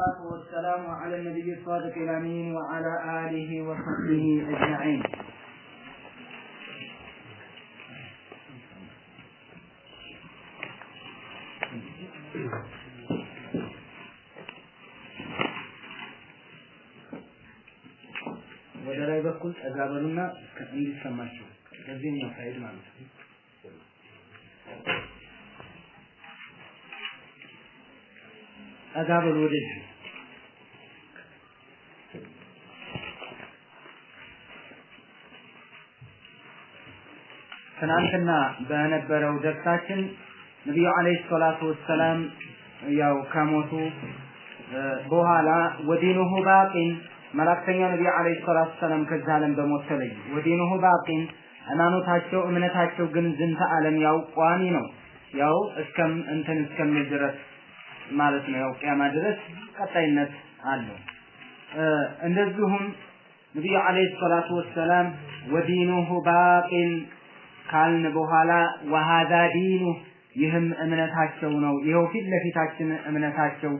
والصلاة والسلام على النبي الصادق الأمين وعلى آله وصحبه أجمعين ወደ ላይ በኩል ጠጋ በሉና እንዲሰማችሁ ከዚህኛው ሳይድ ማለት ነው። ጠጋ በሉ ወደዚህ ትናንትና በነበረው ደርሳችን ነቢዩ አለይሂ ሰላቱ ወሰላም ያው ከሞቱ በኋላ ወዲኑሁ ባቂን መላእክተኛው ነቢዩ አለይሂ ሰላቱ ወሰላም ከዚህ ዓለም በሞት ተለዩ። ወዲኑሁ ባቂን ሃይማኖታቸው እምነታቸው ግን ዝንተ ዓለም ያው ቋሚ ነው። ያው እስከም እንትን እስከሚል ድረስ ማለት ነው። ያው ቅያማ ድረስ ቀጣይነት አለው። እንደዚሁም ነቢዩ አለይሂ ሰላቱ ወሰላም ወዲኑሁ ባቂን ካልን በኋላ ወሃዛ ዲኑ ይህም እምነታቸው ነው። ይኸው ፊት ለፊታችን እምነታቸው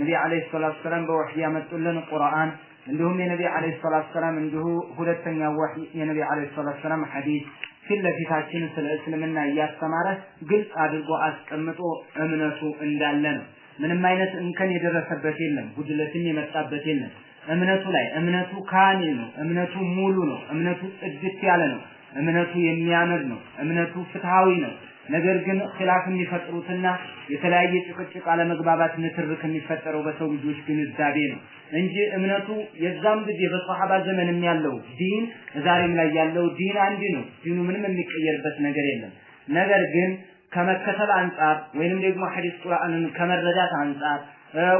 ነቢ አለይሂ ሰላቱ ሰላም በወህይ ያመጡልን ቁርአን እንዲሁም የነቢ አለይሂ ሰላቱ ሰላም እንዲሁ ሁለተኛ ወህይ የነቢ አለይሂ ሰላቱ ሰላም ሐዲስ ፊት ለፊታችን ስለ እስልምና እያስተማረ ግልጽ አድርጎ አስቀምጦ እምነቱ እንዳለ ነው። ምንም አይነት እንከን የደረሰበት የለም፣ ጉድለትም የመጣበት የለም። እምነቱ ላይ እምነቱ ካሚል ነው። እምነቱ ሙሉ ነው። እምነቱ ጽድት ያለ ነው። እምነቱ የሚያምር ነው። እምነቱ ፍትሃዊ ነው። ነገር ግን ኺላፍ የሚፈጥሩትና የተለያየ ጭቅጭቅ፣ አለመግባባት፣ ንትርክ የሚፈጠረው በሰው ልጆች ግንዛቤ ነው እንጂ እምነቱ የዛም ጊዜ በሰሃባ ዘመንም ያለው ዲን ዛሬም ላይ ያለው ዲን አንድ ነው። ዲኑ ምንም የሚቀየርበት ነገር የለም። ነገር ግን ከመከተል አንጻር ወይንም ደግሞ ሐዲስ ቁርአንን ከመረዳት አንጻር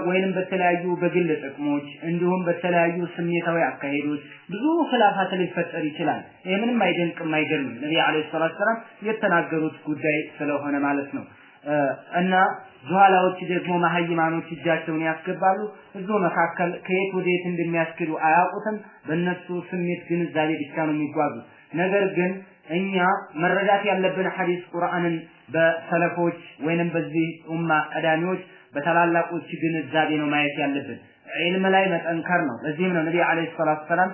ወይንም በተለያዩ በግል ጥቅሞች እንዲሁም በተለያዩ ስሜታዊ አካሄዶች ብዙ ኽላፋት ሊፈጠር ይችላል። ይሄ ምንም አይደንቅም አይገርምም። ነብዩ አለይሂ ሰላቱ ሰላም የተናገሩት ጉዳይ ስለሆነ ማለት ነው። እና ዙኋላዎች ደግሞ መሀይማኖች እጃቸውን ያስገባሉ። እዙ መካከል ከየት ወደ የት እንደሚያስኬዱ አያውቁትም። በእነሱ ስሜት ግንዛቤ ብቻ ነው የሚጓዙት። ነገር ግን እኛ መረዳት ያለብን ሐዲስ ቁርአንን በሰለፎች ወይንም በዚህ ኡማ ቀዳሚዎች በታላላቆች ግንዛቤ ነው ማየት ያለብን። ዒልም ላይ መጠንከር ነው። ለዚህም ነው ነቢ ዓለይሂ ሰላቱ ሰላም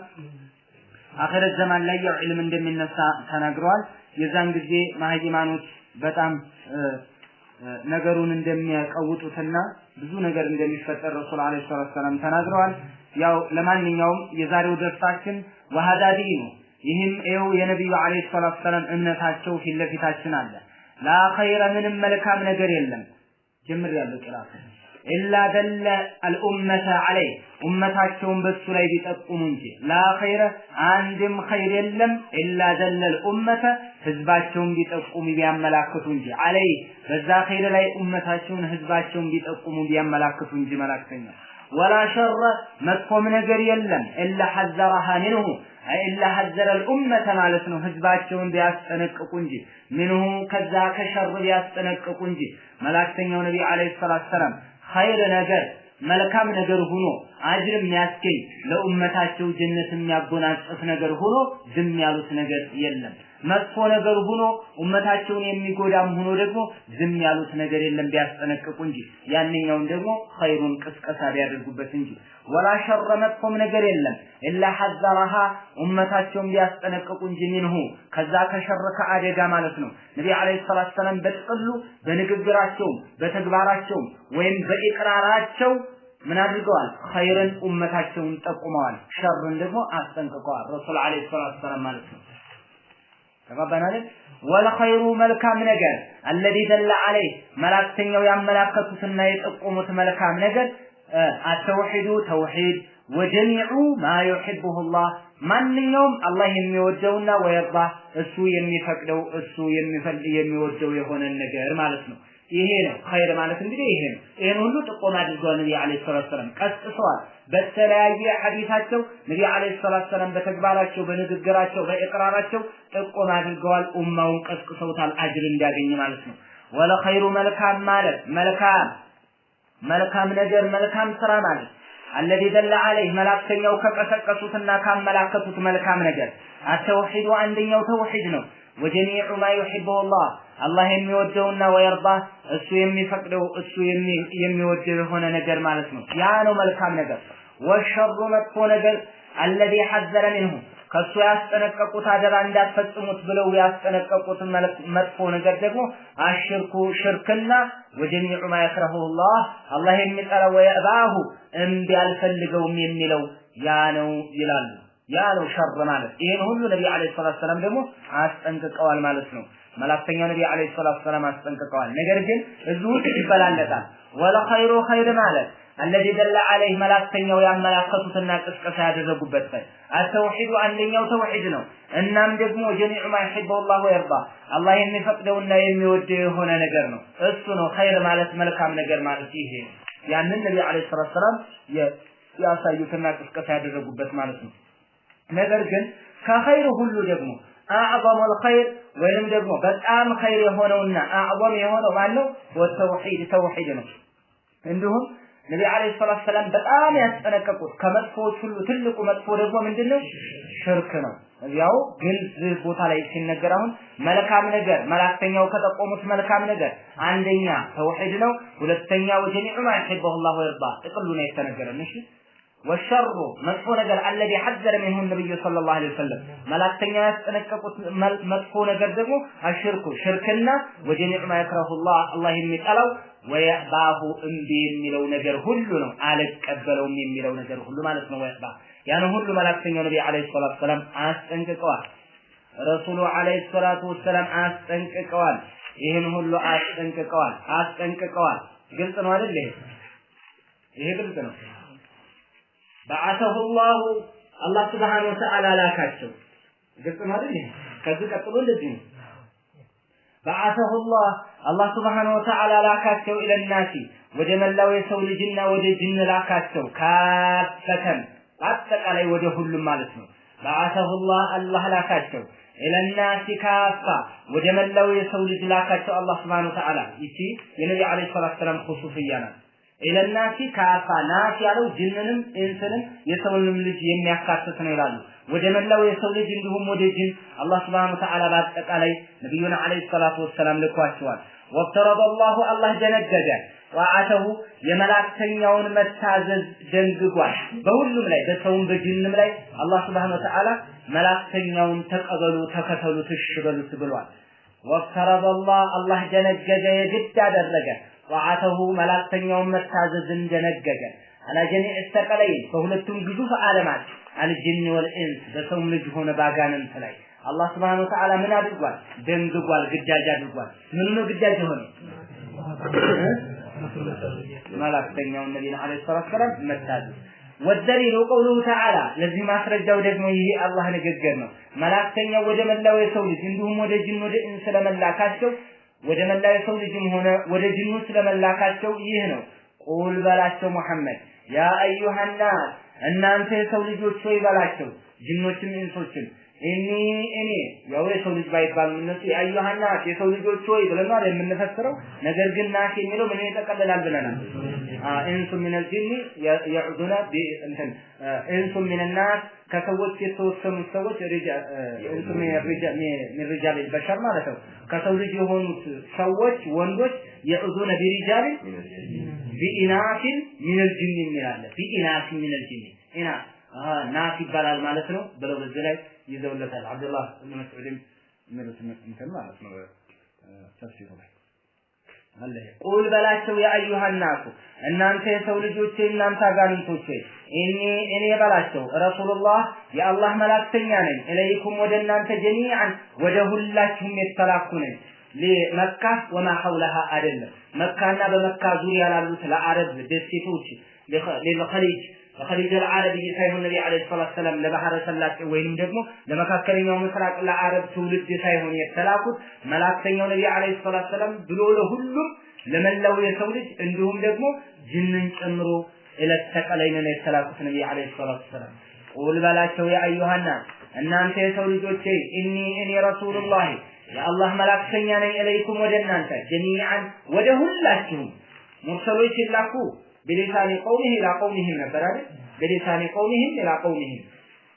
አኺረት ዘማን ላይ ያው ዒልም እንደሚነሳ ተናግረዋል። የዛን ጊዜ ማህይማኖች በጣም ነገሩን እንደሚያቀውጡትና ብዙ ነገር እንደሚፈጠር ረሱል ዓለይሂ ሰላቱ ሰላም ተናግረዋል። ያው ለማንኛውም የዛሬው ደርሳችን ወሃዳዲ ነው። ይህም ይኸው የነቢዩ ዓለይሂ ሰላቱ ሰላም እምነታቸው ፊት ለፊታችን አለ። ላ ኸይረ ምንም መልካም ነገር የለም ጀምር ያለው ቅራት ኢላ ደለ አልኡመተ አለይ ኡመታቸውን በሱ ላይ ቢጠቁሙ እንጂ ላ ኸይረ አንድም ኸይር የለም ኢላ ደለ አልኡመተ ህዝባቸውን ቢጠቁሙ ቢያመላክቱ እንጂ አለይ በዛ ኸይር ላይ ኡመታቸውን ህዝባቸውን ቢጠቁሙ ቢያመላክቱ እንጂ መላክተኛል ወላ ሸረ መጥፎም ነገር የለም እላ ሐዘረሃ ሚንሁ እላ ሐዘረ ልኡመተ ማለት ነው። ህዝባቸውን ቢያስጠነቅቁ እንጂ ምንሁ ከዛ ከሸር ቢያስጠነቅቁ እንጂ መላእክተኛው ነቢይ ዓለይሂ ሰላቱ ሰላም ኸይር ነገር መልካም ነገር ሆኖ አጅር የሚያስገኝ ለኡመታቸው ጀነት የሚያጎናጽፍ ነገር ሆኖ ዝም ያሉት ነገር የለም። መጥፎ ነገር ሆኖ ኡመታቸውን የሚጎዳም ሆኖ ደግሞ ዝም ያሉት ነገር የለም ቢያስጠነቅቁ እንጂ ያንኛውን ደግሞ ኸይሩን ቅስቀሳ ቢያደርጉበት እንጂ ወላ ሸረ መጥፎም ነገር የለም ኢላ ሐዘረሃ ኡመታቸውን ቢያስጠነቅቁ እንጂ ሚንሁ ከዛ ከሸር ከአደጋ ማለት ነው። ነቢ ዓለይሂ ሰላቱ ሰላም በጥቅሉ በንግግራቸውም በተግባራቸውም ወይም በኢቅራራቸው ምን አድርገዋል? ኸይርን ኡመታቸውን ጠቁመዋል፣ ሸርን ደግሞ አስጠንቅቀዋል። ረሱል ዓለይሂ ሰላቱ ሰላም ማለት ነው። ተባባናለን ወለኸይሩ መልካም ነገር አለዚ ደላ አለይህ መላእክተኛው ያመላከቱትና የጠቆሙት መልካም ነገር አተውሒዱ ተውሒድ ወጀሚዑ ማ ዩሕቡሁ ላህ ማንኛውም አላህ የሚወደውና ወየርዳህ እሱ የሚፈቅደው እሱ የሚወደው የሆነን ነገር ማለት ነው ይሄ ነው ኸይር ማለት እንግዲህ ይሄ ነው። ይሄን ሁሉ ጥቆማ አድርገዋል ነቢ አለይሂ ሰላቱ ሰላም ቀስቅሰዋል። በተለያየ ሐዲሳቸው ነቢ አለይሂ ሰላቱ ሰላም በተግባራቸው፣ በንግግራቸው፣ በእቅራራቸው ጥቆማ አድርገዋል። ኡማውን ቀስቅሰውታል አጅር እንዲያገኝ ማለት ነው። ወለኸይሩ መልካም ማለት መልካም መልካም ነገር መልካም ስራ ማለት አለዚ ደለ አለይህ መላእክተኛው ከቀሰቀሱትና ካመላከቱት መልካም ነገር አተውሒዱ አንደኛው ተውሒድ ነው። ወጀሚዑ ማ ዩሒቡሁ ላህ አላህ የሚወደውና ወይርዳ እሱ የሚፈቅደው እሱ የሚወደው የሆነ ነገር ማለት ነው። ያ ነው መልካም ነገር። ወሸሩ መጥፎ ነገር አለዚ ሐዘረ ሚንሁ ከሱ ያስጠነቀቁት አደራ እንዳትፈጽሙት ብለው ያስጠነቀቁት መጥፎ ነገር ደግሞ አሽርኩ ሽርክና ወጀሚዑ ማ የክረሁላህ አላህ የሚጠላው ወየእባሁ እምቢ አልፈልገውም የሚለው ያ ነው ይላሉ። ያ ነው ሸር ማለት ይህን ሁሉ ነቢ ዓለይሂ ሰላም ደግሞ አስጠንቅቀዋል ማለት ነው። መላክተኛው ነቢ አለይሂ ሰላቱ ሰላም አስጠንቅቀዋል። ነገር ግን እዚሁ ውስጥ ይበላለጣል። ወለኸይሩ ኸይር ማለት አለዚ ደለ አለይህ መላእክተኛው ያመላከቱትና ቅስቀሳ ያደረጉበት ላይ አተውሒዱ አንደኛው ተውሒድ ነው። እናም ደግሞ ጀሚዑ ማ ዩሒቡ ላሁ ወየርዳ አላህ የሚፈቅደውና የሚወደው የሆነ ነገር ነው። እሱ ነው ኸይር ማለት መልካም ነገር ማለት ይሄ ነው። ያንን ነቢ አለይሂ ሰላቱ ሰላም ያሳዩትና ቅስቀሳ ያደረጉበት ማለት ነው። ነገር ግን ከኸይር ሁሉ ደግሞ አዕظም الخير ወይንም ደግሞ በጣም ኸይር የሆነውና አዕظም የሆነው ማን ነው? ወተውሂድ ነው። እንዲሁም ነቢ አለይሂ ሰላቱ ሰላም በጣም ያስጠነቀቁት ከመጥፎዎች ሁሉ ትልቁ መጥፎ ደግሞ ምንድነው? ሽርክ ነው። ያው ግልጽ ቦታ ላይ ሲነገር አሁን መልካም ነገር መላእክተኛው ከጠቆሙት መልካም ነገር አንደኛ ተውሂድ ነው፣ ሁለተኛ ወጀሚዑ ማ ይሕበሁ ላሁ ወይርዳ ጥቅሉ ነው የተነገረን። እሺ والشر مدفوع نجر الذي حذر منه النبي صلى الله عليه وسلم ملاك تنياس تنككت مدفوع نجر دمو الشرك شركنا وجميع ما يكره الله الله يمتلو ويأباه انبي ملو نجر هلنا آلت كبلو من ملو نجر هل ما نسمى ويأباه يعني هل ملاك تنيا نبي عليه الصلاة والسلام آس تنككوا رسول عليه الصلاة والسلام آس تنككوا إهن هل آس قلت نوالي ليه إيه قلت نوالي በአተሁ ላሁ አላህ ስብሓን ወተዓላ ላካቸው። ግልጽ ነው አይደል? ከዚህ ቀጥሎ እንደዚህ ነው። በአተሁ ላህ አላህ ስብሓን ወተዓላ ላካቸው ኢለናሲ ወደ መላው የሰው ልጅና ወደ ጅን ላካቸው። ካፈተን በአጠቃላይ ወደ ሁሉም ማለት ነው። በአተሁ ላህ አላህ ላካቸው ኢለናሲ ካፋ ወደ መላው የሰው ልጅ ላካቸው አላህ ስብሓን ወተዓላ። ይቺ የነቢ ዓለይሂ ሰላቱ ሰላም ኹሱፍያ ናት። ኢለናሲ ካፋ ናስ ያለው ጅንንም እንስንም የሰውንም ልጅ የሚያካትት ነው ይላሉ። ወደ መላው የሰው ልጅ እንዲሁም ወደ ጅን አላህ Subhanahu Ta'ala በአጠቃላይ ነብዩና አለይሂ ሰላቱ ወሰላም ልኳቸዋል። ወፍተረደ አላህ ደነገገ ጣዓተሁ የመላእክተኛውን መታዘዝ ደንግጓል። በሁሉም ላይ በሰውም በጅንም ላይ አላህ Subhanahu Ta'ala መላእክተኛውን ተቀበሉ፣ ተከተሉ እሺ ብሏል። ወፍተረደ አላህ አላህ ደነገገ የግድ አደረገ ወዓተሁ መላእክተኛውን መታዘዝን ደነገገ አላጀኒ እስተቀለይን በሁለቱም ግዙፍ ዓለማት አልጅኒ ወልኢንስ በሰው ልጅ ሆነ ባጋንንት ላይ አላህ Subhanahu Ta'ala ምን አድርጓል? ደንግጓል፣ ግዳጅ አድርጓል። ምን ነው ግዳጅ የሆነ መላእክተኛው ነብዩ አለይሂ ሰላቱ ሰላም መታዘዝ ወደሪሩ ቀውሉ ተዓላ ለዚህ ማስረጃው ደግሞ ይሄ አላህ ንግግር ነው። መላእክተኛው ወደ መላው የሰው ልጅ እንዲሁም ወደ ጅን ወደ እንስ ለመላካቸው ወደ መላ የሰው ልጅም ሆነ ወደ ጅኑ ስለመላካቸው ይህ ነው። ቁል በላቸው መሐመድ ያ አዩሃ እናንተ የሰው ልጆች ሆይ በላቸው ጅኖችም እንሶችም ኢኒ እኔ ያው የሰው ልጅ ባይባልም እነሱ ያዩሃና የሰው ልጆች ሆይ ብለና ብለናል የምንፈስረው። ነገር ግን ናስ የሚለው ምን ይጠቀልላል ብለናል። እንሱ ምን አልጂኒ የዑዱና እንትን እንሱ ምን ናስ ከሰዎች የተወሰኑ ሰዎች እንሱ ምን ሪጃል በሸር ማለት ነው። ከሰው ልጅ የሆኑት ሰዎች ወንዶች የዑዱነ ቢሪጃል ቢኢናሲን ምን አልጂኒ የሚላለ ቢኢናሲን ምን አልጂኒ ኢና ናስ ይባላል ማለት ነው ብለው በዚህ ላይ ይዘውለታል። አብዱላህ እብን መስዑድም የሚሉት እንትን ማለት ነው ተፍሲሩ ላይ አለ ቁል በላቸው የአዩሃናሱ እናንተ የሰው ልጆች እናንተ አጋንንቶች እኔ እኔ በላቸው ረሱሉላህ የአላህ መላክተኛ ነኝ ኢለይኩም ወደ እናንተ ጀሚዓን ወደ ሁላችሁም የተላኩ ነኝ ለመካ ወማ ሐውለሃ አይደለም መካና በመካ ዙሪያ ላሉት ለአረብ ደሴቶች ለኸሊጅ በኸሊጀል አረብይ ሳይሆን ነቢ ዓለይሂ ሰላቱ ሰላም ለባህረ ሰላጤ ወይንም ደግሞ ለመካከለኛው ምስራቅ ለአረብ ትውልድ ሳይሆን የተላኩት መላእክተኛው ነቢ ዓለይሂ ሰላቱ ሰላም ብሎ ለሁሉም ለመላው የሰው ልጅ እንዲሁም ደግሞ ጅንን ጨምሮ ለተቀለይነ ነው የተላኩት ነቢ ዓለይሂ ሰላቱ ሰላም ቁል በላቸው ያ አዩሃና እናንተ የሰው ልጆች እኒ እኔ ረሱሉላህ የአላህ መላእክተኛ ነኝ ኢለይኩም ወደ እናንተ ጀሚዓን ወደ ሁላችሁም ሙርሰሎች ሲላኩ ቢሊሳኒ ቀውሚህ ኢላ ቀውሚህም ነበር አይደል? ቢሊሳኒ ቀውሚህም ኢላ ቀውሚህም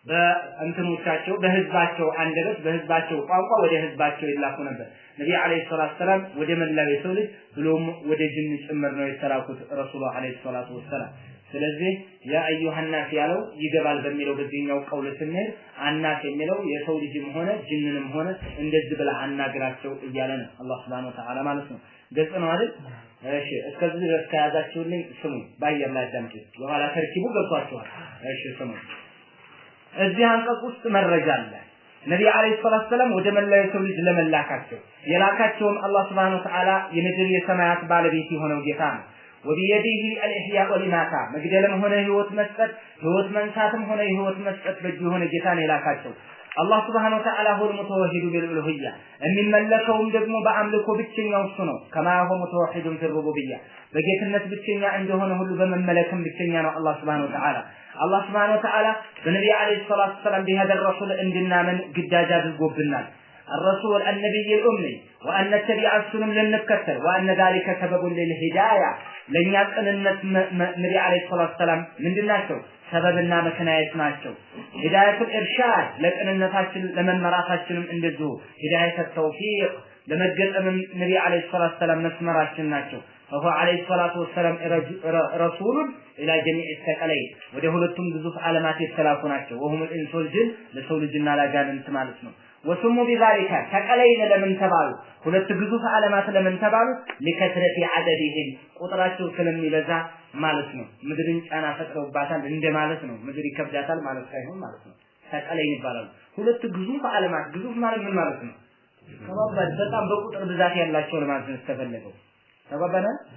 በእንትኖቻቸው በህዝባቸው አንደበት በህዝባቸው ቋንቋ ወደ ህዝባቸው ይላኩ ነበር። ነቢ አለይሂ ሰላቱ ሰላም ወደ መላው የሰው ልጅ ብሎም ወደ ጅን ጭምር ነው የተላኩት ረሱሉ አለይሂ ሰላቱ ወሰላም። ስለዚህ ያ አዩሃናስ ያለው ይገባል በሚለው በዚህኛው ቀውል ስንሄድ አናስ የሚለው የሰው ልጅም ሆነ ጅንንም ሆነ እንደዚህ ብላ አናግራቸው እያለ ነው አላህ Subhanahu Ta'ala ማለት ነው። ገጽ ነው አይደል? እሺ እስከዚህ ድረስ ከያዛችሁልኝ ስሙ። በአየር ላይ አዳምጡ። የኋላ ተርኪቡ ገብቷችኋል። እሺ ስሙ። እዚህ አንቀጽ ውስጥ መረጃ አለ። ነቢይ አለይሂ ሰላቱ ሰላም ወደ መላው የሰው ልጅ ለመላካቸው የላካቸውም አላህ Subhanahu Ta'ala የምድር የሰማያት ባለቤት የሆነው ጌታ ነው። ወቢየዲህ አልኢሕያእ ወሊማታ መግደልም ሆነ ህይወት መስጠት ህይወት መንሳትም ሆነ ህይወት መስጠት በእጁ የሆነ ጌታን የላካቸው አላህ ስብሓነሁ ወተዓላ ሁል ሙተወሂዱ ቢልኡሉሂያ የሚመለከውም ደግሞ በአምልኮ ብቸኛው እሱ ነው። ከማ ሁወ ሙተወሂዱን ፊሩቡብያ በጌትነት ብቸኛ እንደሆነ ሁሉ በመመለክም ብቸኛ ነው አላህ ስብሓነሁ ወተዓላ። አላህ ስብሓነሁ ወተዓላ በነቢይ ዓለይሂ ሰላቱ ወሰላም ቢሀደር ረሱል እንድናምን ግዳጅ አድርጎብናል። الرسول النبي الأمي وأن نتبع السنم لنكتر وأن ذلك سبب للهداية لن يقننت نبي عليه الصلاة والسلام من دلاتهم ሰበብና ምክንያት ናቸው። ሂዳየቱል ኢርሻድ ለቅንነታችን ለመመራታችንም እንደዚሁ ሂዳየተ ተውፊቅ ለመገጠምም ነቢ ዓለይሂ ሰላቱ ሰላም መስመራችን ናቸው። ፈሁ ዓለይሂ ሰላቱ ወሰላም ረሱሉን ኢላ ጀሚዕ ሰቀለይ ወደ ሁለቱም ግዙፍ ዓለማት የተላኩ ናቸው። ወሁም ኢንስ ወልጅን ለሰው ልጅና ላጋንንት ማለት ነው። ወስሙ ቢዛሊካ ተቀለይን ለምን ተባሉ? ሁለት ግዙፍ ዓለማት ለምን ተባሉ? ሊከትረቲ ዐደዲሂም ቁጥራቸው ስለሚበዛ ማለት ነው። ምድርን ጫና ፈጥረውባታል እንደማለት ነው። ምድር ይከብዳታል ማለት ሳይሆን ማለት ነው። ተቀለይን ይባላሉ። ሁለት ግዙፍ ዓለማት ግዙፍ ማለት ምን ማለት ነው? ተባባል በጣም በቁጥር ብዛት ያላቸው ለማለት ነው የተፈለገው። ተባባለ ነው።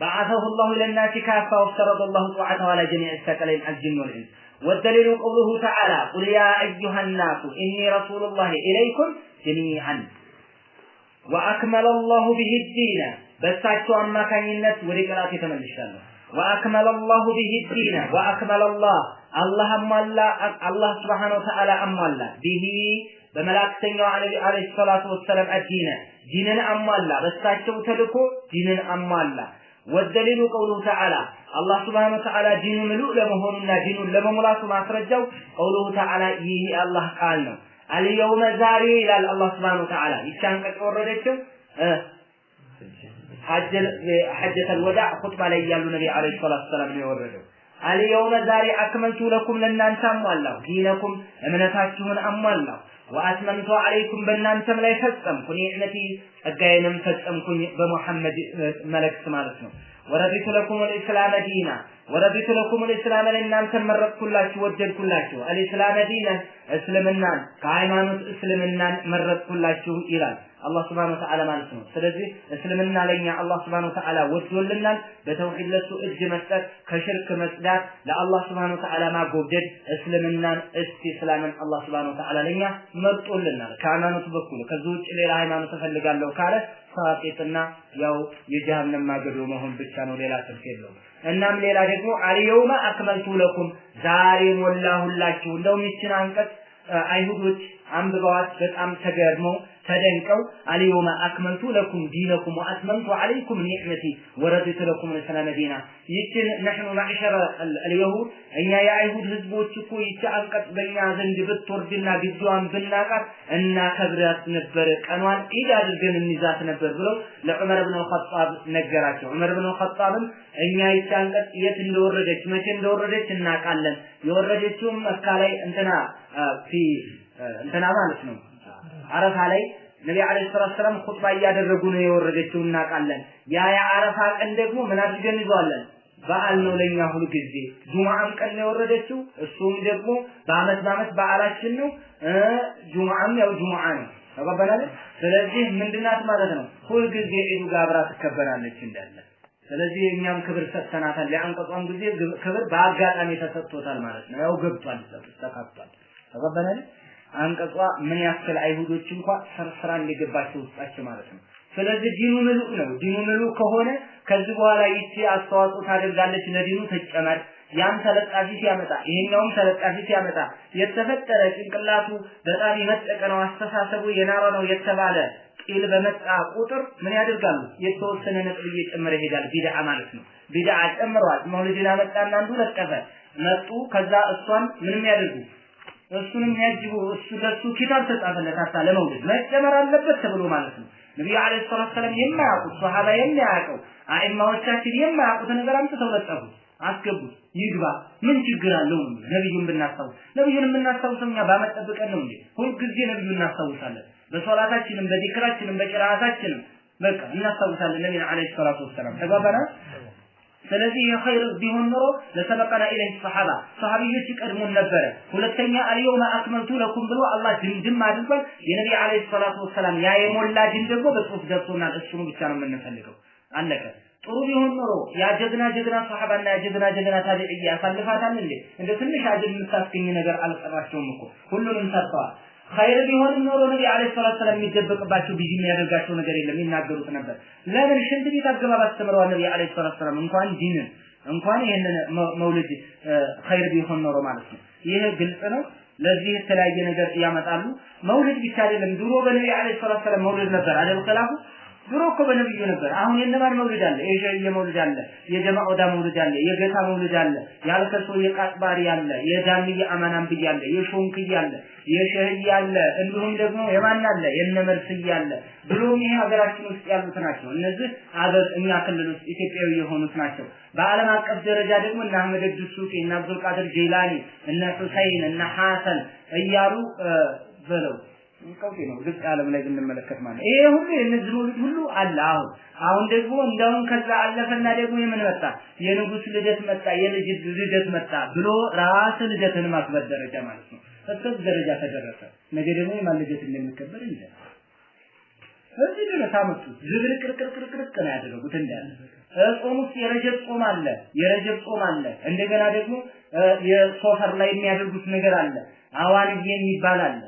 بعثه الله إلى الناس كافة وافترض الله طاعته على جميع الثقلين الجن والإنس والدليل قوله تعالى قل يا أيها الناس إني رسول الله إليكم جميعا وأكمل الله به الدين በእሳቸው አማካኝነት ወደ ቅራት የተመልሻለሁ ወአክመለ አላሁ الله ዲነ ወአክመለ አላህ አላህ አሟላ አላህ ስብሓነ ወተዓላ አሟላ ቢሂ በመላእክተኛው አለይሂ ሰላቱ ወሰላም አዲነ ዲንን አሟላ በእሳቸው ተልኮ ዲንን አሟላ ወደሊሉ ቀውሉ ተዓላ አላህ ስብሓነ ወተዓላ ዲኑ ምሉእ ለመሆኑና ዲኑን ለመሙላቱ ማስረጃው ቀውሉሁ ተዓላ ይህ አላህ ቃል ነው። አልየውመ ዛሬ ይላል አላህ ስብሓነ ወተዓላ ይቺ አንቀጽ የወረደችው ሐጀተል ወዳዕ ኹጥባ ላይ ያሉ ነቢ ዓለይሂ ሰላቱ ሰላም ነው የወረደው። አልየውመ ዛሬ አክመልቱ ለኩም ለእናንተ አሟላሁ ዲነኩም እምነታችሁን አሟላሁ وأتممت عليكم بل انتم لا يفسم كني إعنتي أقاينا مفسم بمحمد آه، ملك سمارتنا ወረዲቱ ለኩም ልእስላመ ዲና ወረዲቱ ለኩም ልእስላመ ለእናንተ መረጥኩላችሁ ወደድኩላችሁ አልእስላመ ዲነ እስልምናን ከሃይማኖት እስልምናን መረጥኩላችሁ ይላል አላህ ስብሐነ ወተዓላ ማለት ነው። ስለዚህ እስልምና ለኛ አላህ ስብሐነ ወተዓላ ወዶልናል። በተውሂድ ለሱ እጅ መስጠት፣ ከሽርክ መጽዳት፣ ለአላህ ስብሐነ ወተዓላ ማጎብደድ እስልምናን እስቲስላምን አላህ ስብሐነ ወተዓላ ለኛ መርጦልናል። ከሃይማኖቱ በኩል ከዚህ ውጭ ሌላ ሃይማኖት እፈልጋለሁ ካለ ሳፊጥና ያው የጀሃነም ማገዶ መሆን ብቻ ነው፣ ሌላ ትርፍ የለውም። እናም ሌላ ደግሞ አልየውመ አክመልቱ ለኩም ዛሬ ሞላሁላችሁ። እንደውም ይችን አንቀጽ አይሁዶች አንብበዋት በጣም ተገርመው ተደንቀው አልየውመ አክመልቱ ለኩም ዲነኩም ወአትመምቱ አለይኩም ኒዕመቲ ወረዲቱ ለኩም ልእስላመ ዲና። ይችን ነሕኑ ማዕሸረ አልየሁድ እኛ የአይሁድ ህዝቦች እኮ ይቺ አንቀጽ በእኛ ዘንድ ብትወርድና ጊዜዋን ብናቃት እናከብራት ነበር፣ ቀኗን ኢድ አድርገን እንይዛት ነበር ብለው ለዑመር ብን ኸጣብ ነገራቸው። ዑመር ብን ኸጣብም እኛ ይቺ አንቀጽ የት እንደወረደች መቼ እንደወረደች እናቃለን። የወረደችውም መካ ላይ እንትና እንትና ማለት ነው አረፋ ላይ ነቢ አለይሂ ሰላቱ ሰላም ኹጥባ እያደረጉ ነው የወረደችው እናውቃለን። ያ የአረፋ ቀን ደግሞ ምን አድርገን ይዟለን? በዓል ነው ለኛ ሁሉ ጊዜ። ጁማዓም ቀን ነው የወረደችው። እሱም ደግሞ በአመት በአመት በዓላችን ነው። ጁማዓም ያው ጁማዓ ነው። ተቀበላለ። ስለዚህ ምንድናት ማለት ነው? ሁል ጊዜ ኢዱ ጋር አብራ ትከበራለች እንዳለ። ስለዚህ የእኛም ክብር ሰጥተናታል። የአንቀጿም ጊዜ ክብር በአጋጣሚ ተሰጥቶታል ማለት ነው። ያው ገብቷል፣ ተካቷል። ተቀበላለ። አንቀጿ ምን ያክል አይሁዶች እንኳ ሰርስራ እንደገባቸው ውስጣቸው ማለት ነው። ስለዚህ ዲኑ ምሉ ነው። ዲኑ ምሉ ከሆነ ከዚህ በኋላ ይቺ አስተዋጽኦ ታደርጋለች ለዲኑ ተጨመር። ያም ተለጣፊ ሲያመጣ ይሄኛውም ተለጣፊ ሲያመጣ የተፈጠረ ጭንቅላቱ በጣም የመጠቀ ነው፣ አስተሳሰቡ የናረ ነው የተባለ ቂል በመጣ ቁጥር ምን ያደርጋሉ? የተወሰነ ነጥብ እየጨመረ ይሄዳል። ቢድዓ ማለት ነው። ቢድዓ ጨምሯል። መውሊድን አመጣና አንዱ ለቀፈ መጡ። ከዛ እሷን ምንም ያደርጉ እሱንም ያጅቡ እሱ ለሱ ኪታብ ተጻፈለት አታ ለመውለድ መጨመር አለበት ተብሎ ማለት ነው። ነቢዩ ዓለይሂ ሰላቱ ሰላም የማያውቁት ሶሃባ የማያውቀው አኢማዎቻችን የማያውቁት ነገር አምጥተው ለጠፉት አስገቡት ይግባ ምን ችግር አለው ነው ነብዩን ብናስታውስ ነብዩን የምናስታውሰው እኛ ባመጠብቀን ነው እንዴ ሁልጊዜ ነብዩን እናስታውሳለን በሶላታችንም በዚክራችንም በቂራአታችንም በቃ እናስታውሳለን ነብዩን አለይሂ ሰላቱ ወሰላም ተግባባና ስለዚህ የኸይር ቢሆን ኖሮ ለሰበቀና ኢለይህ ሰሐባ ሰሐቢዮች ይቀድሙን ነበረ። ሁለተኛ አልየውመ አክመልቱ ለኩም ብሎ አላህ ድምድም አድርጓል። የነቢ አለይሂ ሰላቱ ወሰላም ያ የሞላ ድም ደግሞ በጽሁፍ ገብቶናል። እሱኑ ብቻ ነው የምንፈልገው። አለቀ። ጥሩ ቢሆን ኖሮ ያ ጀግና ጀግና ሰሐባና ያ ጀግና ጀግና ታቢዒ ያሳልፋታል እንዴ? እንደ ትንሽ አጅር የምታስገኝ ነገር አልቀራቸውም እኮ ሁሉንም ሰጥተዋል። ኸይር ቢሆንም ኖሮ ነቢ አለይሂ ሰላቱ ሰላም የሚደበቅባቸው ቢዚ የሚያደርጋቸው ነገር የለም ይናገሩት ነበር። ለምን ሽንት ቤት አገባብ አስተምረዋል ነቢ አለይሂ ሰላቱ ሰላም እንኳን ዲንን እንኳን ይህንን መውለድ ኸይር ቢሆን ኖሮ ማለት ነው። ይህ ግልጽ ነው። ለዚህ የተለያየ ነገር ያመጣሉ። መውለድ ብቻ አይደለም። ድሮ በነቢ አለይሂ ሰላቱ ሰላም መውለድ ነበር አደል ኸላፉ ድሮ እኮ በነብዩ ነበር። አሁን የነማን መውሊድ አለ? የሸህየ መውሊድ አለ፣ የጀማኦዳ መውሊድ አለ፣ የገታ መውሊድ አለ፣ ያልከሶ የቃጥባሪ አለ፣ የአማናን አማናንብይ አለ፣ የሾንክይ አለ፣ የሸህየ አለ፣ እንዲሁም ደግሞ የማን አለ? የነመርስይ አለ። ብሎም ይሄ ሀገራችን ውስጥ ያሉት ናቸው። እነዚህ አገር እኛ ክልል ውስጥ ኢትዮጵያዊ የሆኑት ናቸው። በዓለም አቀፍ ደረጃ ደግሞ እነ አህመድ ድሱፊ እነ አብዱል ቃድር ጀይላኒ እነ ሁሰይን እነ ሐሰን እያሉ በለው ቀውጤ ነው። ግልጽ ዓለም ላይ ብንመለከት ማለት ነው። ይሄ ሁሉ የነዚህ ሁሉ አለ። አሁን አሁን ደግሞ እንደውም ከዛ አለፈና ደግሞ የምን መጣ? የንጉስ ልደት መጣ፣ የልጅ ልደት መጣ ብሎ ራስ ልደትን ማክበር ደረጃ ማለት ነው። እስከዚህ ደረጃ ተደረሰ። ነገ ደግሞ የማን ልደት እንደሚከበር እንደ እዚህ ድረስ አመጡት። ዝብርቅርቅርቅርቅርቅ ነው ያደረጉት እንዳለ ጾም ውስጥ የረጀብ ጾም አለ፣ የረጀብ ጾም አለ። እንደገና ደግሞ የሶፈር ላይ የሚያደርጉት ነገር አለ፣ አዋልዬ የሚባል አለ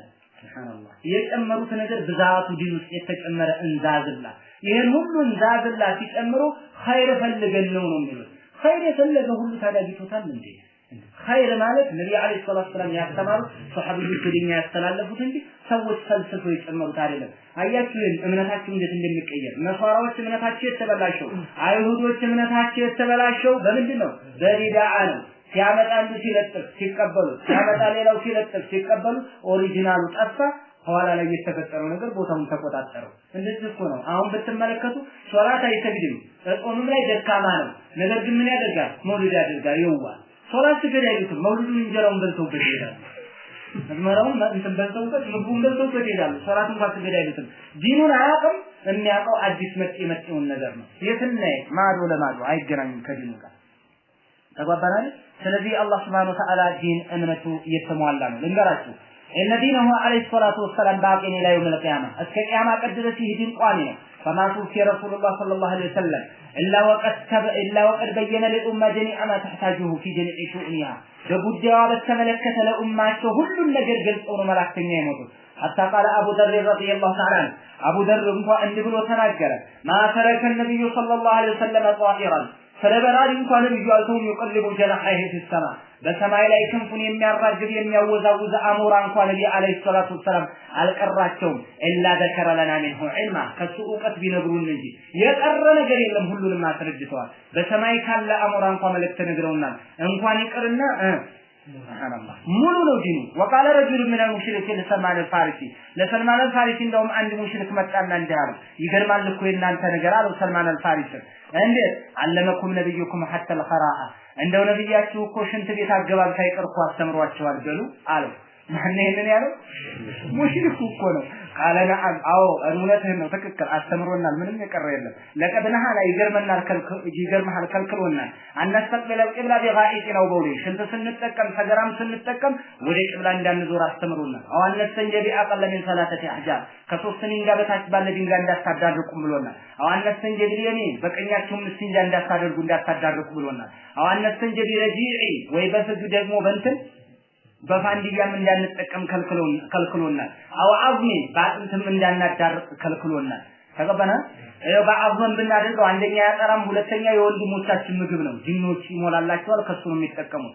ሱብሃንአላህ የጨመሩት ነገር ብዛቱ ዲን ውስጥ የተጨመረ እንዛዝላ ይሄን ሁሉ እንዛዝላ ሲጨምሩ ኸይር ፈልገን ነው ነው የሚሉት ኸይር የፈለገ ሁሉ ታዳጊቶታል እንዴ ኸይር ማለት ነቢ አለይሂ ሰላቱ ሰላም ያስተማሩት ሰሃቦች ወደኛ ያስተላለፉት እንጂ ሰዎች ፈልስፈው የጨመሩት አይደለም። አያችሁ እምነታችሁ እንዴት እንደሚቀየር። ነሷራዎች እምነታቸው የተበላሸው፣ አይሁዶች እምነታቸው የተበላሸው በምንድን ነው? በቢድዓ ነው። ሲያመጣ አንዱ ሲለጥፍ ሲቀበሉ ሲያመጣ ሌላው ሲለጥፍ ሲቀበሉ ኦሪጂናሉ ጠፋ። ኋላ ላይ የተፈጠረው ነገር ቦታውን ተቆጣጠረው። እንደዚህ እኮ ነው። አሁን ብትመለከቱ ሶላት አይሰግድም፣ ጾምም ላይ ደካማ ነው። ነገር ግን ምን ያደርጋል? መውሊድ ያደርጋል። ይዋ ሶላት ስገድ አይሉትም። መውሊዱን እንጀራውን በልተውበት ይሄዳሉ። መዝመራውን እንትን በልተውበት ምግቡን በልተውበት ይሄዳሉ። ሶላት እንኳን ስገድ አይሉትም። ዲኑን አያውቅም። የሚያውቀው አዲስ መጤ መጤውን ነገር ነው። የትና ማዶ ለማዶ አይገናኝም ከዲኑ ጋር ተጓባናል። ስለዚህ አላህ Subhanahu Wa ዲን እምነቱ የተሟላ ነው። ልንገራችሁ الذين هو عليه الصلاة والسلام باقين إلى يوم القيامة እስከ ቂያማ ቀድረስ ይህ ዲን ቋሚ ነው። فما توفي رسول الله صلى الله عليه وسلم إلا وقد تب... إلا وقد بين للأمة جميع ما تحتاجه في جميع በተመለከተ ለኡማቸው ሁሉን ነገር ገልጸው ነው መላእክተኛ የሞቱት። ሐታ ቃለ አቡ ደር ረዲየላሁ ተዓላ አንሁ አቡ ደር እንኳ እንዲህ ብሎ ተናገረ። ማ ተረከ ነቢዩ ሰለላሁ ዐለይሂ ወሰለም ጧኢራን ስለበራሪ እንኳን ነብዩ አልተውም ይቀልቡ ጀናሐይሂ ፊሰማ በሰማይ ላይ ክንፉን የሚያራግብ የሚያወዛውዝ አሞራ እንኳን ነብይ አለይሂ ሰላቱ ወሰለም አልቀራቸውም። ኢላ ዘከረ ለና ሚንሁ ዒልማ ከሱ እውቀት ቢነግሩን እንጂ የቀረ ነገር የለም፣ ሁሉንም አስረድተዋል። በሰማይ ካለ አሞራ እንኳን መልእክት ነግረውናል። እንኳን ይቅርና ሙሉ ነው ዲኑ። ወቃለ ረጁሉ ሚነል ሙሽሪክ ለሰልማን ፋሪሲ ለሰልማን ፋሪሲ እንደውም አንድ ሙሽሪክ መጣና እንዲህ አለው፣ ይገርማል እኮ የእናንተ ነገር አለው ሰልማን ፋሪሲ። እንዴት አለመኩም ነብዩኩም ሐተል ኸራአ እንደው ነብያችሁ እኮ ሽንት ቤት አገባብ ሳይቀር እኮ አስተምሯቸዋል በሉ አለው። ማን ይሄንን ያለው ሙሽሪኩ እኮ ነው። ቃለ ነዓም አዎ እውነትህን ነው ትክክል አስተምሮናል። ምንም የቀረ የለም። ለቀድ ላይ ይገርመናል፣ ይገርመሃል ከልክሎናል። አናስተቅብለል ቂብላ ቢጋኢጢና ወበውሊን ሽንት ስንጠቀም ሰገራም ስንጠቀም ወደ ቂብላ እንዳንዞር አስተምሮናል። አዎ አነስተንጀ አቀለ ሚን ሰላተቲ አሕጃር ከሶስት ድንጋይ በታች ባለ ድንጋይ እንዳታዳርቁም ብሎናል። አዎ አነስተንጀ የኔ በቀኛችሁም እስቲንጃ እንዳታደርጉ እንዳታዳርቁ ብሎናል። አዎ አነስተንጀ ረጂዒ ወይ በስጁ ደግሞ በእንትን በፋንዲያም እንዳንጠቀም ከልክሎናል። አው አዝሚ በአጥንትም እንዳናዳርቅ ከልክሎናል። ተቀበና በአዝመን ብናደርገው አንደኛ ያጠራም፣ ሁለተኛ የወንድሞቻችን ምግብ ነው። ጅኖች ይሞላላቸዋል፣ ከሱ ነው የሚጠቀሙት።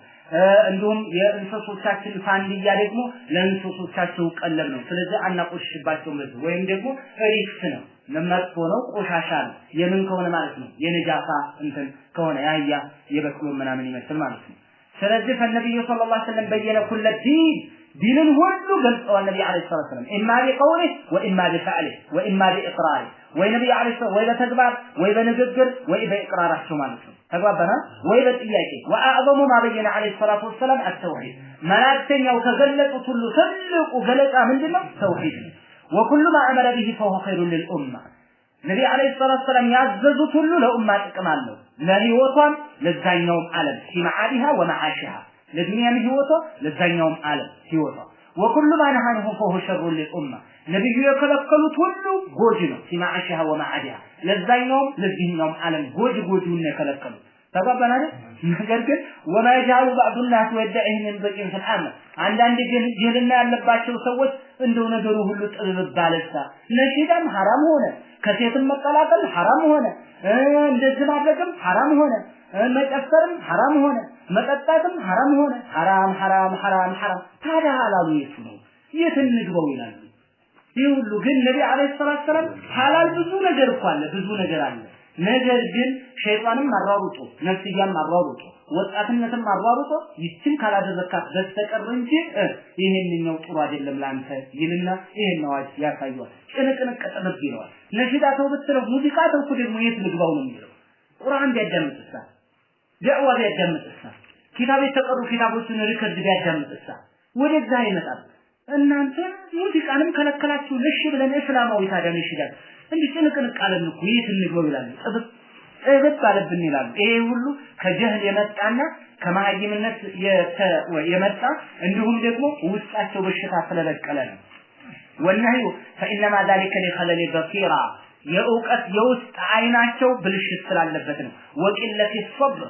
እንዲሁም የእንስሶቻችን ፋንዲያ ደግሞ ለእንስሶቻቸው ቀለብ ነው። ስለዚህ አናቆሽሽባቸው ምግብ ወይም ደግሞ ሪክስ ነው፣ መጥፎ ነው፣ ቆሻሻ ነው። የምን ከሆነ ማለት ነው የነጃፋ እንትን ከሆነ ያያ የበቅሎ ምናምን ይመስል ማለት ነው። سلزف النبي صلى الله عليه وسلم بين كل الدين دين الوزن قلقه النبي عليه الصلاة والسلام إما بقوله وإما بفعله وإما بإقراره والنبي عليه الصلاة والسلام وإذا تقبر وإذا نقدر وإذا إقراره شو ما نشوف تقبرنا وإذا تياكي وأعظم ما بين عليه الصلاة والسلام التوحيد ملابسين أو تزلق تل تلق قلق أمن لما توحيد وكل ما عمل به فهو خير للأمة ነቢ አለይሂ ሰላቱ ሰላም ያዘዙት ሁሉ ለኡማ ጥቅም አለው። ለህይወቷም ለዛኛውም ዓለም ሲማዓሊሃ ወመዓሽሃ ለዱንያም ህይወቷ ለዛኛውም ዓለም ህይወቷ ወኩሉ ማ ነሃንሁ ፈሁ ሸሩ ሊልኡማ ነቢዩ የከለከሉት ሁሉ ጎጂ ነው። ሲማዓሽሃ ወመዓዲሃ ለዛኛውም ለዚህኛውም ዓለም ጎጂ ጎጂውን የከለከሉት። ተባባል አይደል? ነገር ግን ወማጃሉ ባዱና ወደዒህ ምን በቂን ፍልዓመ አንዳንድ ግን ጅህልና ያለባቸው ሰዎች እንደው ነገሩ ሁሉ ጥብብ ባለሳ ነሺዳም ሐራም ሆነ፣ ከሴትም መቀላቀል ሐራም ሆነ፣ እንደዚህ ማድረግም ሐራም ሆነ፣ መጨፈርም ሐራም ሆነ፣ መጠጣትም ሐራም ሆነ። ሐራም ሐራም ሐራም ሐራም። ታዲያ ሐላሉ የቱ ነው? የት እንግባው ይላሉ። ይህ ሁሉ ግን ነቢ ዓለይሂ ሰላቱ ሰላም ሐላል ብዙ ነገር እኮ አለ፣ ብዙ ነገር አለ ነገር ግን ሸይጣንም አሯሩጦ ነፍስያም አሯሩጦ ወጣትነትም አሯሩጦ ይችን ካላደረካት በስተቀር እንጂ ይሄንኛው ጥሩ አይደለም ለአንተ ይልና ይሄን አዋጅ ያሳየዋል። ጭንቅንቅ ጥብብ ይለዋል። ነሽዳ ተው ብትለው ሙዚቃ ተውኩ ደግሞ የት ምግባው ነው የሚለው ቁርአን ቢያዳምጥሳ ደዕዋ ቢያዳምጥሳ ኪታብ የተቀሩ ኪታቦችን ሪከርድ ቢያዳምጥሳ ወደዛ ይመጣል። እናንተ ሙዚቃንም ከለከላችሁ። እሺ ብለን እስላማዊ ታዲያ ነሽዳ እንዲህ ጭንቅንቅ አለን እኮ የት እንግባ ይላሉ። ጥብቅ ጥብቅ አለብን ይላሉ። ይሄ ሁሉ ከጀህል የመጣና ከመሀይምነት የመጣ እንዲሁም ደግሞ ውስጣቸው በሽታ ስለበቀለ ነው። ወነህዩ ፈኢነማ ዛሊከ ሊኸለል በሲራ የእውቀት የውስጥ አይናቸው ብልሽት ስላለበት ነው። ወቂለት ሶብር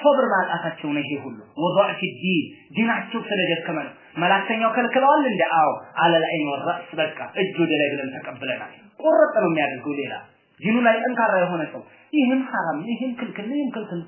ሶብር ማጣታቸው ነው። ይሄ ሁሉ ወضዕፍ ዲን ዲናቸው ስለደከመ ነው። መላክተኛው ከልክለዋል እንደ አዎ አለል አይን በቃ እጅ ወደ ላይ ብለን ተቀብለናል። ቆረጥ ነው የሚያደርገው ሌላ ዲኑ ላይ ጠንካራ የሆነ ሰው ይህም ሐራም ይህም ክልክል ይህም ክልክል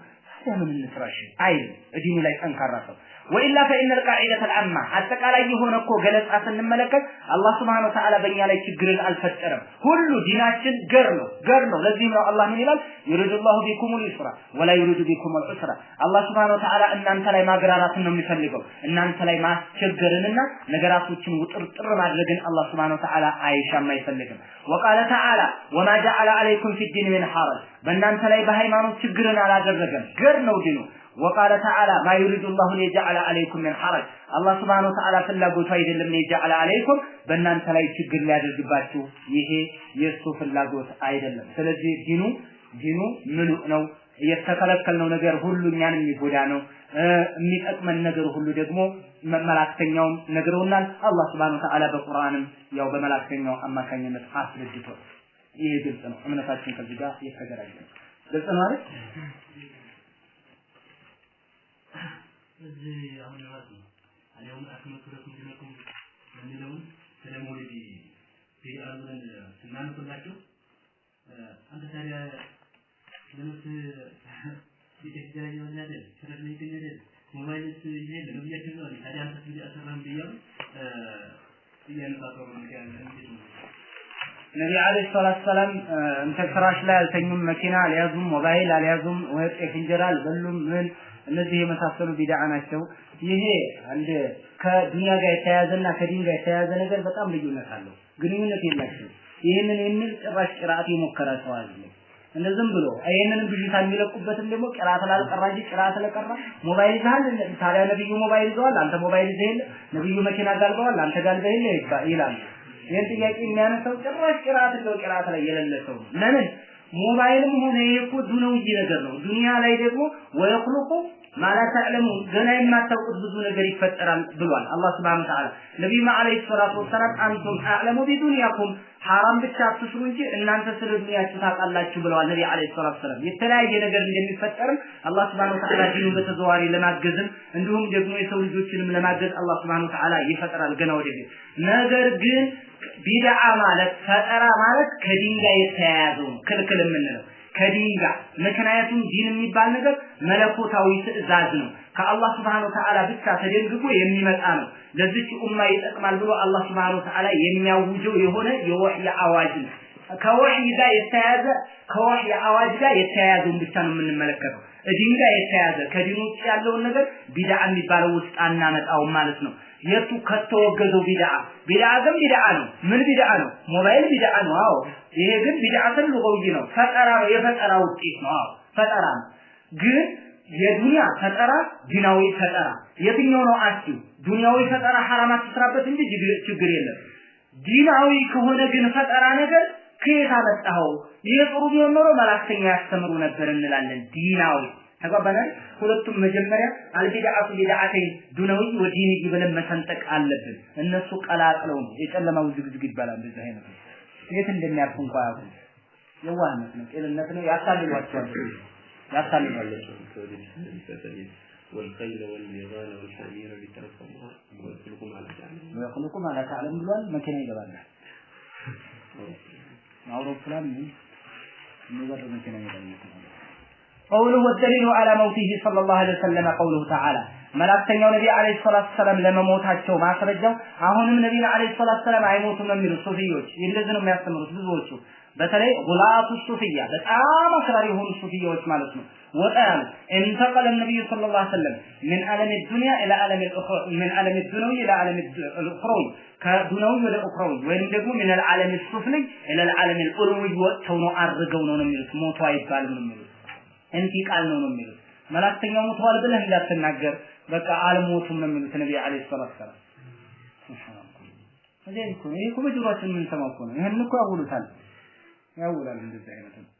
ለምን እንፍራሽ አይል እዲኑ ላይ ጠንካራ ሰው ወኢላ ፈኢነ ልቃዒደተ ልአማ አጠቃላይ የሆነ እኮ ገለጻ ስንመለከት አላህ ስብሓን ወተዓላ በእኛ ላይ ችግርን አልፈጠረም። ሁሉ ዲናችን ገር ነው ገር ነው። ለዚህም ነው አላህ ምን ይላል? ዩሪዱ ላሁ ቢኩም ልዩስራ ወላ ዩሪዱ ቢኩም ልዑስራ። አላህ ስብሓን ወተዓላ እናንተ ላይ ማግራራትን ነው የሚፈልገው። እናንተ ላይ ማስቸገርንና ነገራቶችን ውጥርጥር ማድረግን አላህ ስብሓን ወተዓላ አይሻም አይፈልግም። ወቃለ ተዓላ ወማ ጀዐለ ዐለይኩም ፊ ዲን ምን ሐረጅ በእናንተ ላይ በሃይማኖት ችግርን አላደረገም። ገር ነው ዲኑ። ወቃለ ተዓላ ማ ዩሪዱ ላሁ ሊየጅዐለ ዐለይኩም ምን ሐረጅ አላህ ስብሓነ ወተዓላ ፍላጎቱ አይደለም ሊየጅዐለ ዐለይኩም በእናንተ ላይ ችግር ሊያደርግባችሁ፣ ይሄ የእሱ ፍላጎት አይደለም። ስለዚህ ዲኑ ዲኑ ምሉእ ነው። የተከለከልነው ነገር ሁሉ እኛን የሚጎዳ ነው። የሚጠቅመን ነገር ሁሉ ደግሞ መላእክተኛውም ነግረውናል። አላህ ስብሓነ ወተዓላ በቁርአንም ያው በመላእክተኛው አማካኝነት አስረድቷል። ይሄ ግልጽ ነው። እምነታችን ከዚህ ጋር የተገናኘ ነው። ግልጽ ነው አይደል? እዚህ አሁን ራሱ አሁን አስመክረት ምንድነው የሚለውን ስለ ሞሊድ ቢአር ብለን ስናነብላቸው አንተ ታዲያ ለምት ኢትዮጵያ የሆነ አይደል ስረት ላይ ይገኝ አይደል ሞባይልስ ይሄል ነው ብያቸው ታዲያ አንተ ስለ አሰራም ብያሉ እያነሳሰሩ ነው ያለ እንዴት ነው ነቢ አለይሂ ሰላቱ ሰላም እንትን ፍራሽ ላይ አልተኙም፣ መኪና አልያዙም፣ ሞባይል አልያዙም፣ ጤፍ እንጀራ አልበሉም። ምን እነዚህ የመሳሰሉ ቢድዓ ናቸው። ይሄ አንድ ከዱንያ ጋር የተያያዘና ከዲን ጋር የተያያዘ ነገር በጣም ልዩነት አለው፣ ግንኙነት የላቸው። ይህንን የሚል ጭራሽ ቅርአት የሞከረ ሰው አለ። እንደዝም ብሎ ይህንንም ብዥታ የሚለቁበትም ደግሞ ቅርአት ላልቀራ እንጂ ቅርአት ለቀራ ሞባይል ይዛል። ታዲያ ነብዩ ሞባይል ይዘዋል፣ አንተ ሞባይል ይዘህ የለ። ነብዩ መኪና ጋልበዋል፣ አንተ ጋልበህ የለ ይላል። ይህን ጥያቄ የሚያነሳው ጭራሽ ቅራት እንደው ቅራት ላይ የሌለ ሰው ለምን ሞባይልም ሆነ ይሄ ዱንያዊ ነገር ነው። ዱንያ ላይ ደግሞ ወይخلቁ ማለት ተዕለሙ ገና የማታውቁት ብዙ ነገር ይፈጠራል ብሏል አላህ Subhanahu Ta'ala ነብዩ አለይሂ ሰላቱ ወሰለም አንቱም አዕለሙ ቢዱንያኩም ሐራም ብቻ አትስሩ እንጂ እናንተ ስለ ዱንያችሁ ታውቃላችሁ ብለዋል ነብዩ አለይሂ ሰላቱ ወሰለም የተለያየ ነገር እንደሚፈጠርም አላህ Subhanahu Ta'ala ዲኑን በተዘዋዋሪ ለማገዝም እንዲሁም ደግሞ የሰው ልጆችንም ለማገዝ አላህ Subhanahu Ta'ala ይፈጥራል ገና ወደፊት ነገር ግን ቢድዓ ማለት ፈጠራ ማለት ከድንጋይ የተያያዘው ነው ክልክል የምንለው ከድንጋይ ምክንያቱም ዲን የሚባል ነገር መለኮታዊ ትዕዛዝ ነው። ከአላህ ስብሐነ ወተዓላ ብቻ ተደንግጎ የሚመጣ ነው። ለዚች ኡማ ይጠቅማል ብሎ አላህ ስብሐነ ወተዓላ የሚያውጀው የሆነ የወህይ አዋጅ ነው። ከወህይ ጋር የተያያዘ ከወህይ አዋጅ ጋር የተያያዘውን ብቻ ነው የምንመለከተው። ድንጋይ የተያያዘ ከዲን ውጭ ያለውን ነገር ቢድዓ የሚባለው ውስጥ አናመጣውም ማለት ነው። የቱ ከተወገዘው ቢድዓ ቢድዓ ግን ቢድዓ ነው ምን ቢድዓ ነው ሞባይል ቢድዓ ነው አዎ ይሄ ግን ቢድዓትን ሉጋዊ ነው ፈጠራ የፈጠራ ውጤት ነው አዎ ፈጠራ ነው ግን የዱንያ ፈጠራ ዲናዊ ፈጠራ የትኛው ነው አስዩ ዱንያዊ ፈጠራ ሐራም አትስራበት እንጂ ችግር የለም ዲናዊ ከሆነ ግን ፈጠራ ነገር ከየት አመጣኸው ይሄ ጥሩ ቢሆን ኖሮ መላእክተኛ ያስተምሩ ነበር እንላለን ዲናዊ ተግባባናል። ሁለቱም መጀመሪያ አልቢድዓቱ ቢድዓተይን ዱነዊ ወዲኒ ብለን መሰንጠቅ አለብን። እነሱ ቀላቅለው ነው የጨለማው ዝግዝግ ይባላል። በዚህ አይነት የት እንደሚያርፉ እንኳን አያውቁም። የዋህነት ነው፣ ነው። ብሏል። መኪና ይገባል አውሮፕላን ነው መኪና ይገባል قوله والدليل على موته صلى الله عليه وسلم قوله تعالى ملاك تنيو نبي عليه الصلاة والسلام لما موت هاتشو ما سبجو عهون من نبي عليه الصلاة والسلام عي موت من منه صوفيوش يلزنو ما يستمرو سبزوشو بسالي غلاة الصوفية بس آم أكراري هون الصوفيوش مالسنو وقال انتقل النبي صلى الله عليه وسلم من عالم الدنيا إلى عالم الأخرى من عالم الدنيا إلى عالم الأخرى كدنوي ولا أخرى وين من العالم السفلي إلى العالم الأروي وتونو عرضونو من الموت وايد قال من الموت እንቲ ቃል ነው ነው የሚሉት። መላእክተኛው ሞተዋል ብለህ እንዳትናገር በቃ አልሞቱም ነው የሚሉት ነብይ አለይሂ ሰላቱ ሰላም። እዚህ እኮ ይሄ እኮ በጆሮአችን የምንሰማው እኮ ነው። ይሄን እኮ ያውሉታል ያውላል እንደዚህ አይነት ነው።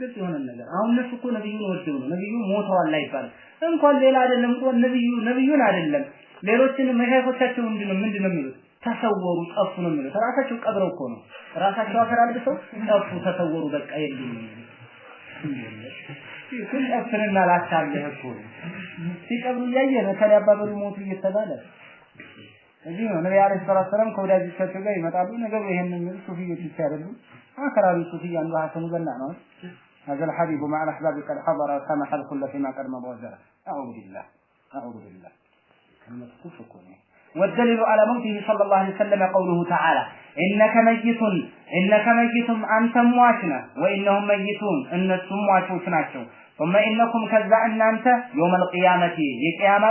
ግልጽ የሆነ ነገር አሁን እነሱ እኮ ነብዩን ወደው ነው ነብዩ ሞተዋል አይባልም። እንኳን ሌላ አይደለም እኮ ነብዩ ነብዩን አይደለም ሌሎችን መሻይኮቻቸው ምንድነው ምንድነው የሚሉት ተሰወሩ ጠፉ ነው የሚሉት። ራሳቸው ቀብረው እኮ ነው ራሳቸው አፈር አልብሰው ጠፉ ተሰወሩ በቃ የሉም ሲጨፍርና ላታለህ እኮ ሲቀብሩ እያየ ነው ከሊያ አባበሉ ሞቱ እየተባለ እዚህ ነው ነቢ አለ ሰላት ሰላም ከወዳጆቻቸው ጋር ይመጣሉ። ነገሩ ይሄን የሚሉ ሱፊዮች ብቻ አይደሉም። አከራሪ ሱፊ አንዱ ሀሰኑ በና ነው። هذا الحبيب مع الأحباب قد حضر سمح الكل فيما قد مضى أعوذ بالله أعوذ بالله كلمة كفر كونه والدليل على موته صلى الله عليه وسلم قوله تعالى إنك ميت إنك ميت أنت مواتنا وإنهم ميتون إن السمواتو سناتو ثم إنكم كذا أن أنت يوم القيامة يقياما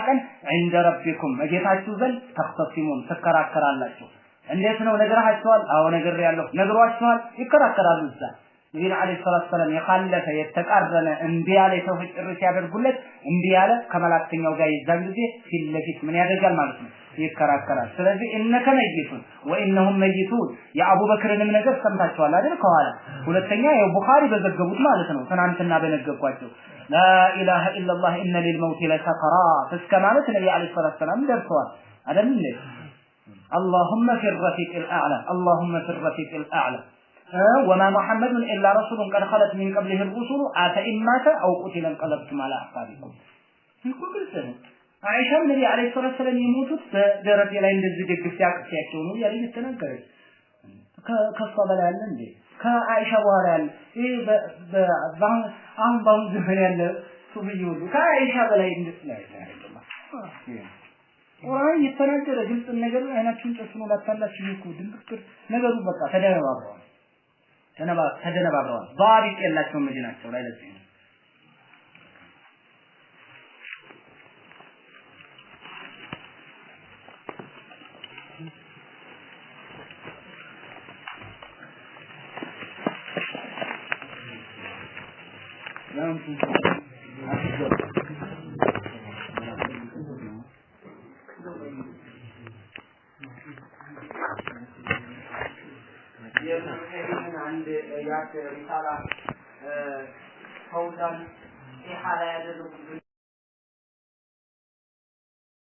عند ربكم أجيت عشتوزن تختصمون سكرا كرا لاتو عندي أسنو نقرأ عشتوال أو نقرأ يالو نقرأ عشتوال يكرا كرا لاتو ነቢዩ ዓለይሂ ሰላቱ ወሰላም የካለፈ የተቃረነ እምቢ ያለ የሰው ፍቅር ሲያደርጉለት እምቢ ያለ ከመላእክተኛው ጋር የዛን ጊዜ ፊት ለፊት ምን ያደርጋል ማለት ነው ይከራከራል። ስለዚህ እነከ መይቱን ወኢነሁም መይቱን የአቡበክርንም ነገር ሰምታችኋል አይደል? ከኋላ ሁለተኛ ያው ቡኻሪ በዘገቡት ማለት ነው ትናንትና በነገርኳቸው ላኢላሃ ኢላላህ ኢነ ሊልመውት ለሰከራት እስከ ማለት ነቢ ዓለይሂ ሰላቱ ወሰላም ደርሰዋል አይደል? አላሁመ ፊ ረፊቅ አላሁመ ፊ ረፊቅ أه، وما محمد إلا رسول قد خلت من قبله الرسل آتى إن مات أو قتل انقلبتم على أحبابكم يقول كل سنة عائشة النبي عليه الصلاة والسلام يموت دارت إلى عند الزجاج في ساعة يعني يتنكر كصلاة لا يعلم دي كعائشة وهر يعلم إيه ب ب بان أم بان زمان يعلم سبيون كعائشة ولا يندس لا يعلم ወራይ ይተናገረ ግልጽ ነገር አይናችሁን ጨፍኖ ላታላችሁ ይኩ ድንብክር ነገሩ በቃ ተደረባበዋል ተደነባብረዋል። ባሪቅ የላቸውም መዲናቸው ላይ ለዚህ ነው Thank you. ሪሳላ ፈውዛን ኢሓላ ያደረጉብን